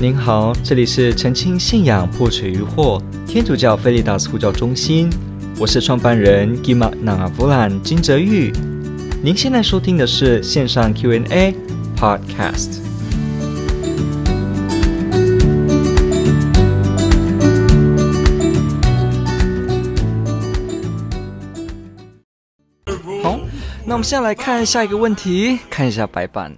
您好，這裡是澄清信仰，破除疑惑天主教 Veritas 護教中心，我是創辦人 Kimat Nangavulan 金哲昱。您現在收聽的是線上 Q&A Podcast。好，那我們現在來看下一個問題，看一下白板。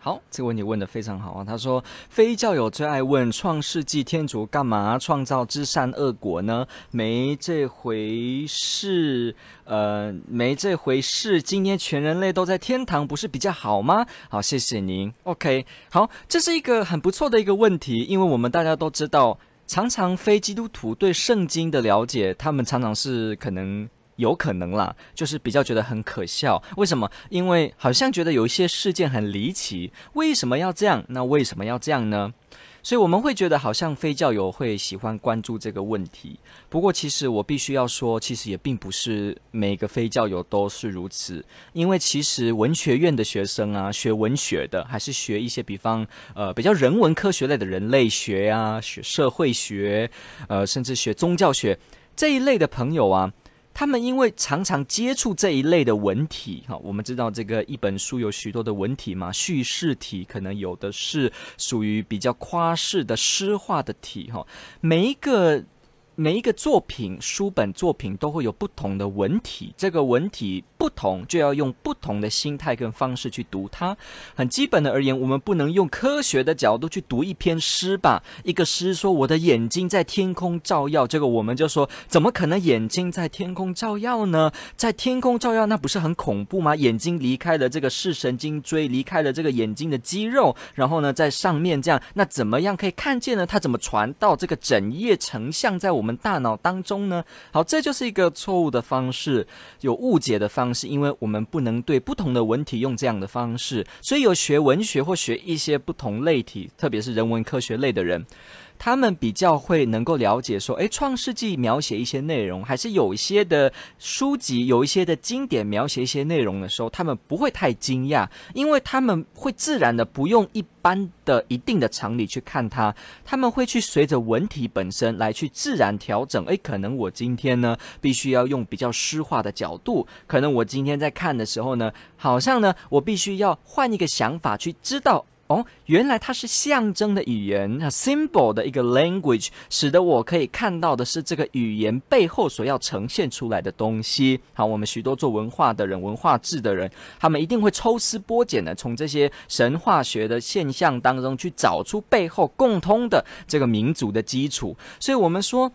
好，這個問題問得非常好啊！他說，非教友最愛問《創世紀》，天主幹嘛創造知善惡果呢？沒這回事，呃，沒這回事。今天全人類都在天堂，不是比較好嗎？好，謝謝您。OK，好，這是一個很不錯的一個問題，因為我們大家都知道，常常非基督徒對聖經的了解，他們常常是可能，有可能啦，就是比較覺得很可笑。為什麼？因為好像覺得有一些事件很離奇，為什麼要這樣？那為什麼要這樣呢？所以我們會覺得好像非教友會喜歡關注這個問題。不過，其實我必須要說，其實也並不是每個非教友都是如此。因為其實文學院的學生啊，學文學的，還是學一些比方呃比較人文科學類的人類學啊，學社會學，呃，甚至學宗教學這一類的朋友啊。他們因為常常接觸這一類的文體，哈，我們知道這個一本書有許多的文體嘛，敘事體可能有的是屬於比較誇飾的、詩化的體，哈，每一個每一個作品書本作品都會有不同的文體，這個文體不同就要用不同的心態跟方式去讀它。很基本的而言，我們不能用科學的角度去讀一篇詩吧？一個詩說：“我的眼睛在天空照耀。”這個我們就說：“怎麼可能眼睛在天空照耀呢？在天空照耀，那不是很恐怖嗎？眼睛離開了這個視神經椎，離開了這個眼睛的肌肉，然後呢，在上面這樣，那怎麼樣可以看見呢？它怎麼傳到這個整夜成像在我們大腦當中呢？好，這就是一個錯誤的方式，有誤解的方式。是因為我們不能對不同的文體用這樣的方式，所以有學文學或學一些不同類體，特別是人文科學類的人，他們比較會能夠了解說，誒，《創世紀》描寫一些內容，還是有一些的書籍，有一些的經典描寫一些內容的時候，他們不會太驚訝，因為他們會自然的不用一般的一定的常理去看它，他們會去隨着文體本身來去自然調整。誒，可能我今天呢，必須要用比較詩化的角度，可能我今天在看的時候呢，好像呢，我必須要換一個想法去知道。哦，原來它是象徵的語言，那 symbol 的一個 language，使得我可以看到的是這個語言背後所要呈現出來的東西。好，我們許多做文化的人、文化誌的人，他們一定會抽絲剝繭的從這些神話學的現象當中去找出背後共通的這個民族的基礎。所以，我們說，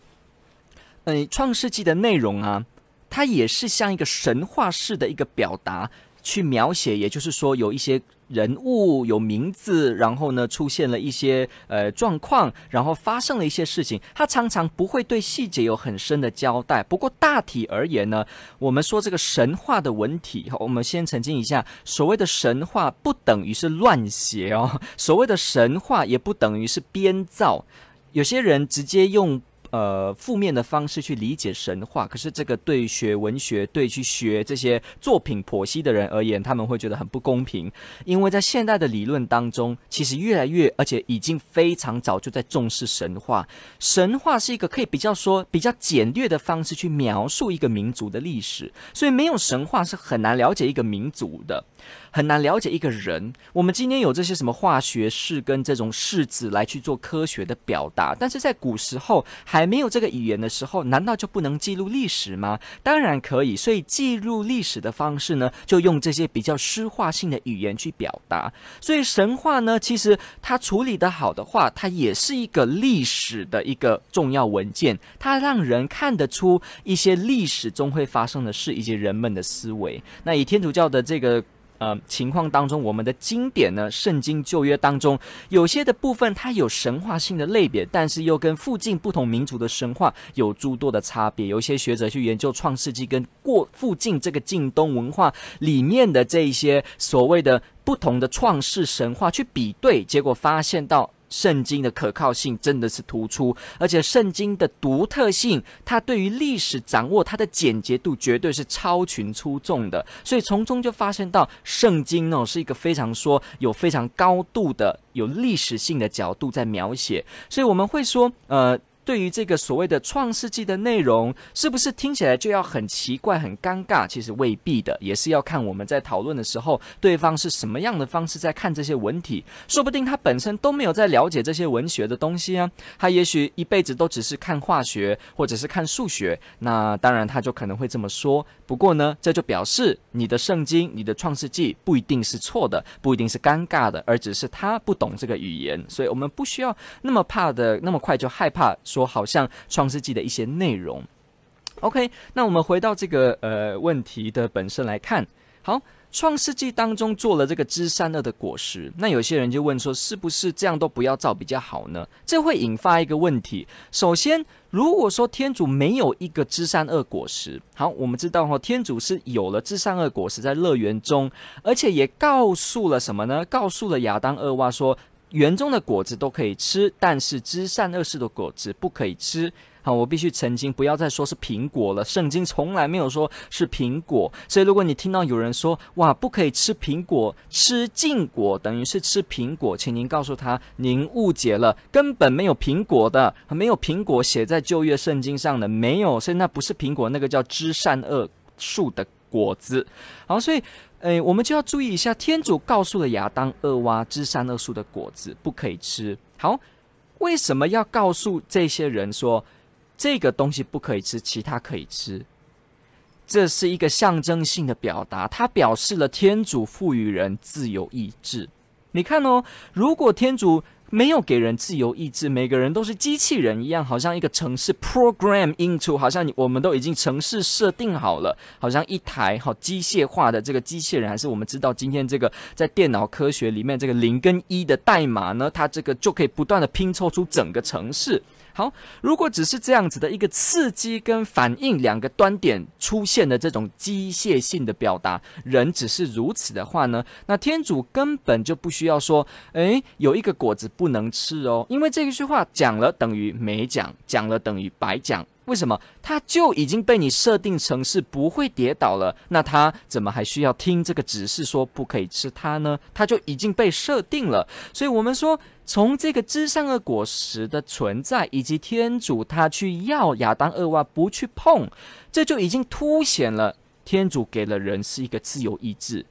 嗯、呃，創世紀的內容啊，它也是像一個神話式的一個表達去描寫，也就是說有一些。人物有名字，然後呢，出現了一些呃狀況，然後發生了一些事情。他常常不會對細節有很深的交代，不過大體而言呢，我們說這個神話的文體，我們先澄清一下，所謂的神話不等於是亂寫哦，所謂的神話也不等於是編造，有些人直接用。呃，負面的方式去理解神話，可是這個對學文學、對去學這些作品剖析的人而言，他們會覺得很不公平，因為在現代的理論當中，其實越來越，而且已經非常早就在重視神話。神話是一個可以比較說比較簡略的方式去描述一個民族的歷史，所以沒有神話是很難了解一個民族的，很難了解一個人。我們今天有這些什麼化學式跟這種式子來去做科學的表達，但是在古時候還。沒有這個語言的時候，難道就不能記錄歷史嗎？當然可以。所以記錄歷史的方式呢，就用這些比較詩化性的語言去表達。所以神話呢，其實它處理得好的話，它也是一個歷史的一個重要文件，它讓人看得出一些歷史中會發生的事，以及人們的思維。那以天主教的這個。呃，情況當中，我們的經典呢，聖經舊約當中，有些的部分它有神話性的類別，但是又跟附近不同民族的神話有諸多的差別。有些學者去研究《創世紀》跟過附近這個近東文化裡面的這一些所謂的不同的創世神話去比對，結果發現到。聖經的可靠性真的是突出，而且聖經的獨特性，它對於歷史掌握它的簡潔度，絕對是超群出眾的。所以從中就發現到，聖經哦是一個非常說有非常高度的有歷史性的角度在描寫。所以我們會說，呃。對於這個所謂的《創世紀》的內容，是不是聽起來就要很奇怪、很尷尬？其實未必的，也是要看我們在討論的時候，對方是什麼樣的方式在看這些文體。說不定他本身都沒有在了解這些文學的東西啊，他也許一輩子都只是看化學或者是看數學，那當然他就可能會這麼說。不過呢，這就表示你的聖經、你的《創世紀》不一定是錯的，不一定是尷尬的，而只是他不懂這個語言，所以我們不需要那麼怕的，那麼快就害怕。說好像創世紀的一些內容，OK，那我們回到這個呃問題的本身來看。好，創世紀當中做了這個知善惡的果實，那有些人就問說，是不是這樣都不要造比較好呢？這會引發一個問題。首先，如果說天主沒有一個知善惡果實，好，我們知道哈、哦，天主是有了知善惡果實在樂園中，而且也告訴了什麼呢？告訴了亞當、厄娃說。園中的果子都可以吃，但是知善惡樹的果子不可以吃。好，我必須澄清，不要再說是蘋果了。聖經從來沒有說是蘋果，所以如果你聽到有人說“哇，不可以吃蘋果，吃禁果等於是吃蘋果”，請您告訴他您誤解了，根本沒有蘋果的，沒有蘋果寫在舊約聖經上的，沒有，所以那不是蘋果，那個叫知善惡樹的果子。好，所以。誒、哎，我們就要注意一下，天主告訴了亞當、厄娃，知善惡樹的果子不可以吃。好，為什麼要告訴這些人說這個東西不可以吃，其他可以吃？這是一個象徵性的表達，它表示了天主賦予人自由意志。你看哦，如果天主沒有給人自由意志，每個人都是機器人一樣，好像一個程式 program into，好像你我們都已經程式設定好了，好像一台好、哦、機械化的這個機器人，還是我們知道今天這個在電腦科學裡面這個零跟一的代碼呢，它這個就可以不斷的拼湊出整個程式。好，如果只是這樣子的一個刺激跟反應兩個端點出現的這種機械性的表達，人只是如此的話呢，那天主根本就不需要說，哎、欸，有一個果子不能吃哦，因為這一句話講了等於沒講，講了等於白講。為什麼它就已經被你設定成是不會跌倒了？那它怎麼還需要聽這個指示說，不可以吃它呢？它就已經被設定了。所以，我們說從這個知善惡果實的存在，以及天主他去要亞當、厄娃不去碰，這就已經凸顯了天主給了人是一個自由意志。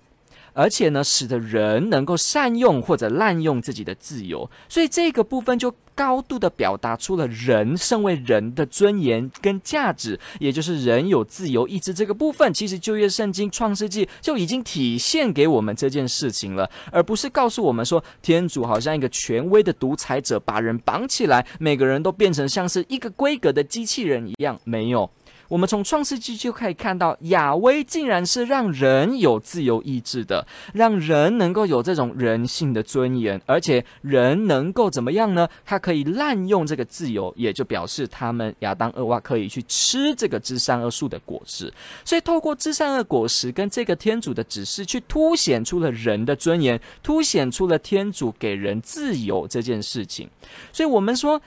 而且呢，使得人能夠善用或者濫用自己的自由，所以這個部分就高度的表達出了人身為人的尊嚴跟價值，也就是人有自由意志這個部分。其實，舊約聖經《創世紀》就已經體現給我們這件事情了，而不是告訴我們說，天主好像一個權威的獨裁者，把人綁起來，每個人都變成像是一個規格的機器人一樣，沒有。我們從創世紀就可以看到，雅威竟然是讓人有自由意志的，讓人能夠有這種人性的尊嚴，而且人能夠怎麼樣呢？他可以濫用這個自由，也就表示他們亞當、厄娃可以去吃這個知善惡樹的果子。所以，透過知善惡果實跟這個天主的指示，去凸顯出了人的尊嚴，凸顯出了天主給人自由這件事情。所以，我們說，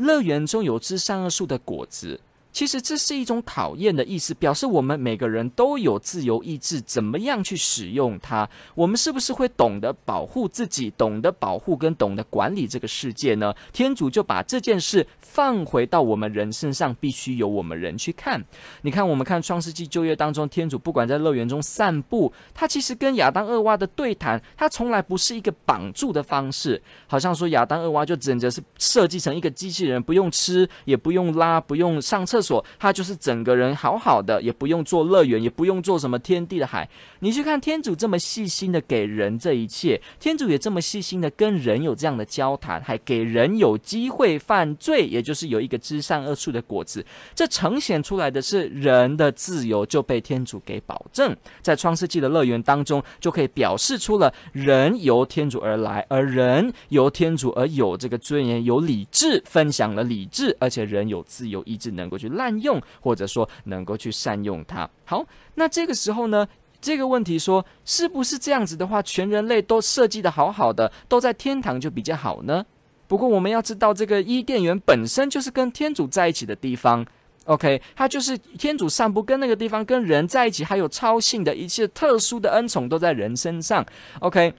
樂園中有知善惡樹的果子。其實這是一種考驗的意思，表示我們每個人都有自由意志，怎麼樣去使用它，我們是不是會懂得保護自己，懂得保護跟懂得管理這個世界呢？天主就把這件事放回到我們人身上，必須由我們人去看。你看，我們看《創世紀》舊約當中，天主不管在樂園中散步，他其實跟亞當、厄娃的對談，他從來不是一個綁住的方式，好像說亞當、厄娃就只是設計成一個機器人，不用吃，也不用拉，不用上廁所。所，他就是整個人好好的，也不用做樂園，也不用做什麼天地的海。你去看天主這麼細心的給人這一切，天主也這麼細心的跟人有這樣的交談，還給人有機會犯罪，也就是有一個知善惡樹的果子。這呈現出來的是人的自由就被天主給保證，在創世紀的樂園當中，就可以表示出了人由天主而來，而人由天主而有這個尊嚴、有理智，分享了理智，而且人有自由意志能夠去。濫用，或者說能夠去善用它。好，那這個時候呢，這個問題說，是不是這樣子的話，全人類都設計得好好的，都在天堂就比較好呢？不過我們要知道，這個伊甸園本身就是跟天主在一起的地方。OK，它就是天主散步跟那個地方跟人在一起，還有超性的一切特殊的恩寵都在人身上。OK，OK，、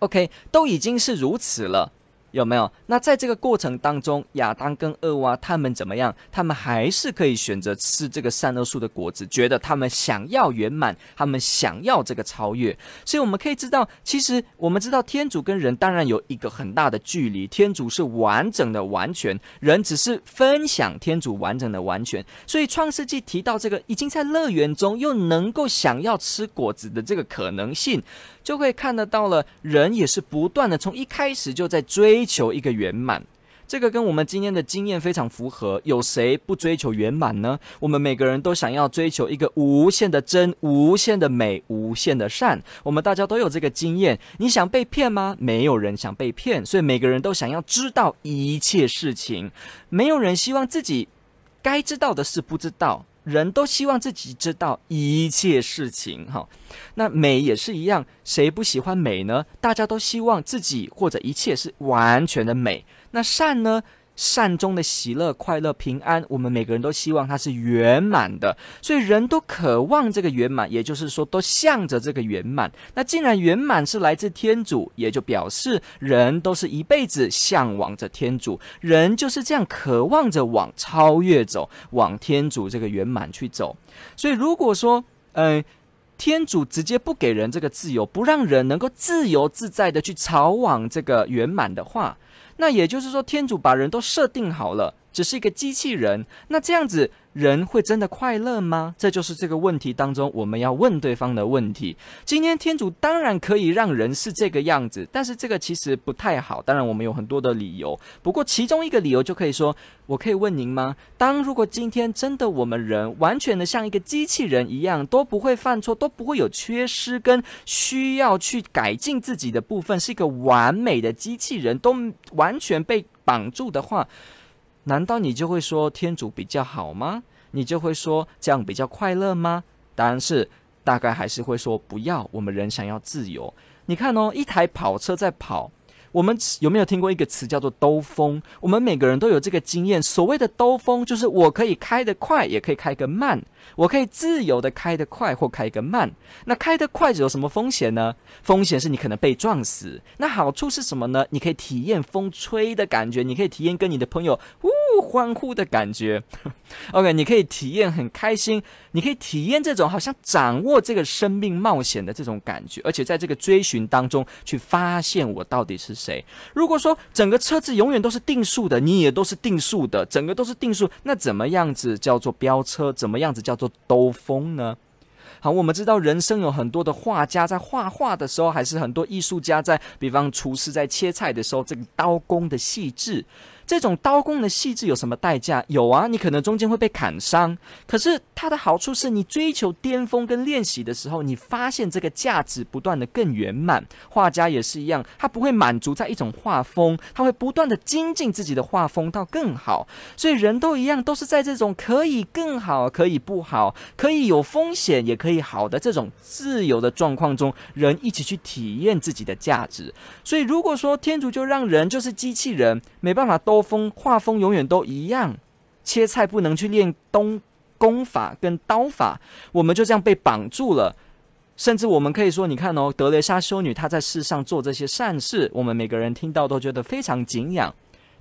OK, OK, 都已經是如此了。有沒有？那在這個過程當中，亞當跟厄娃他們怎麼樣？他們還是可以選擇吃這個善惡樹的果子，覺得他們想要圓滿，他們想要這個超越。所以我們可以知道，其實我們知道天主跟人當然有一個很大的距離，天主是完整的完全，人只是分享天主完整的完全。所以創世紀提到這個已經在樂園中又能夠想要吃果子的這個可能性，就會看得到了。人也是不斷的從一開始就在追。求一個圓滿，這個跟我們今天的經驗非常符合。有誰不追求圓滿呢？我們每個人都想要追求一個無限的真、無限的美、無限的善。我們大家都有這個經驗。你想被騙嗎？沒有人想被騙，所以每個人都想要知道一切事情。沒有人希望自己該知道的事不知道。人都希望自己知道一切事情，哈，那美也是一樣，誰不喜歡美呢？大家都希望自己或者一切是完全的美。那善呢？善終的喜樂、快樂、平安，我們每個人都希望它是圓滿的，所以人都渴望這個圓滿，也就是說，都向着這個圓滿。那既然圓滿是來自天主，也就表示人都是一輩子嚮往着天主，人就是這樣渴望着往超越走，往天主這個圓滿去走。所以，如果說，嗯、呃，天主直接不給人這個自由，不讓人能夠自由自在的去朝往這個圓滿的話，那也就是說，天主把人都設定好了，只是一個機器人，那這樣子人會真的快樂嗎？這就是這個問題當中我們要問對方的問題。今天天主當然可以讓人是這個樣子，但是這個其實不太好。當然我們有很多的理由，不過其中一個理由就可以說：我可以問您嗎？當如果今天真的我們人完全的像一個機器人一樣，都不會犯錯，都不會有缺失跟需要去改進自己的部分，是一個完美的機器人，都完全被綁住的話，難道你就會說天主比較好嗎？你就會說這樣比較快樂嗎？答案是，大概還是會說不要。我們人想要自由。你看哦，一台跑車在跑。我們有沒有聽過一個詞叫做“兜風”？我們每個人都有這個經驗。所謂的“兜風”，就是我可以開得快，也可以開得慢，我可以自由的開得快或開得慢。那開得快有什麼風險呢？風險是你可能被撞死。那好處是什麼呢？你可以體驗風吹的感覺，你可以體驗跟你的朋友。不歡呼的感覺 ，OK？你可以體驗很開心，你可以體驗這種好像掌握這個生命冒險的這種感覺，而且在這個追尋當中去發現我到底是誰。如果說整個車子永遠都是定數的，你也都是定數的，整個都是定數，那怎麼樣子叫做飆車？怎麼樣子叫做兜風呢？好，我們知道人生有很多的畫家在畫畫的時候，還是很多藝術家在，比方廚師在切菜的時候，這個刀工的細緻。這種刀工的細緻有什麼代價？有啊，你可能中間會被砍傷。可是它的好處是你追求巔峰跟練習的時候，你發現這個價值不斷的更圓滿。畫家也是一樣，他不會滿足在一種畫風，他會不斷的精進自己的畫風到更好。所以人都一樣，都是在這種可以更好、可以不好、可以有風險、也可以好的這種自由的狀況中，人一起去體驗自己的價值。所以如果說天主就讓人就是機器人，沒辦法都。畫風永遠都一樣，切菜不能去練東功法跟刀法，我們就這樣被綁住了。甚至我們可以說，你看哦，德蕾莎修女她在世上做這些善事，我們每個人聽到都覺得非常景仰。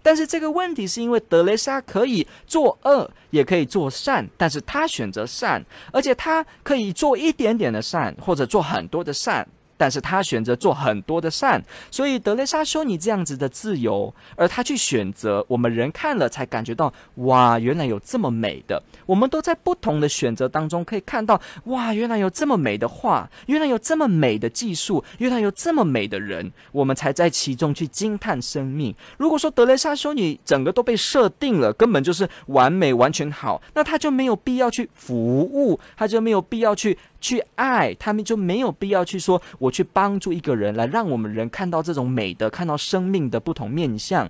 但是這個問題是因為德蕾莎可以做惡，也可以做善，但是她選擇善，而且她可以做一點點的善，或者做很多的善。但是他選擇做很多的善，所以德雷莎修女這樣子的自由，而他去選擇，我們人看了才感覺到，哇，原來有這麼美的。我們都在不同的選擇當中，可以看到，哇，原來有這麼美的畫，原來有這麼美的技術，原來有這麼美的人，我們才在其中去驚嘆生命。如果說德雷莎修女整個都被設定了，根本就是完美完全好，那他就沒有必要去服務，他就沒有必要去。去愛他們，就沒有必要去說我去幫助一個人來讓我們人看到這種美的，看到生命的不同面相。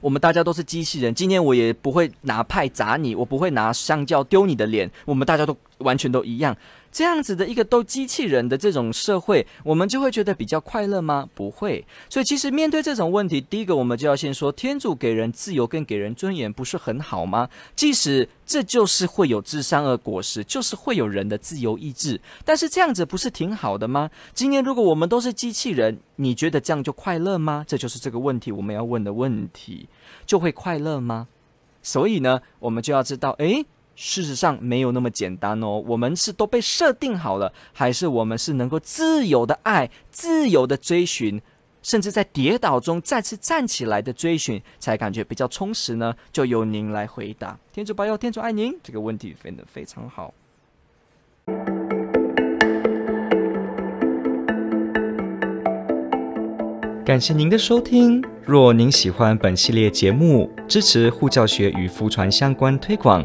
我們大家都是機器人，今天我也不會拿派砸你，我不會拿香蕉丟你的臉。我們大家都完全都一樣。這樣子的一個都機器人的這種社會，我們就會覺得比較快樂嗎？不會。所以其實面對這種問題，第一個我們就要先說，天主給人自由跟給人尊嚴，不是很好嗎？即使這就是會有知善惡果實，就是會有人的自由意志，但是這樣子不是挺好的嗎？今天如果我們都是機器人，你覺得這樣就快樂嗎？這就是這個問題我們要問的問題，就會快樂嗎？所以呢，我們就要知道，誒。事實上沒有那麼簡單哦。我們是都被設定好了，還是我們是能夠自由的愛、自由的追尋，甚至在跌倒中再次站起來的追尋，才感覺比較充實呢？就由您來回答。天主保佑，天主愛您。這個問題問得非常好。感謝您的收聽。若您喜歡本系列節目，支持護教學與福傳相關推廣。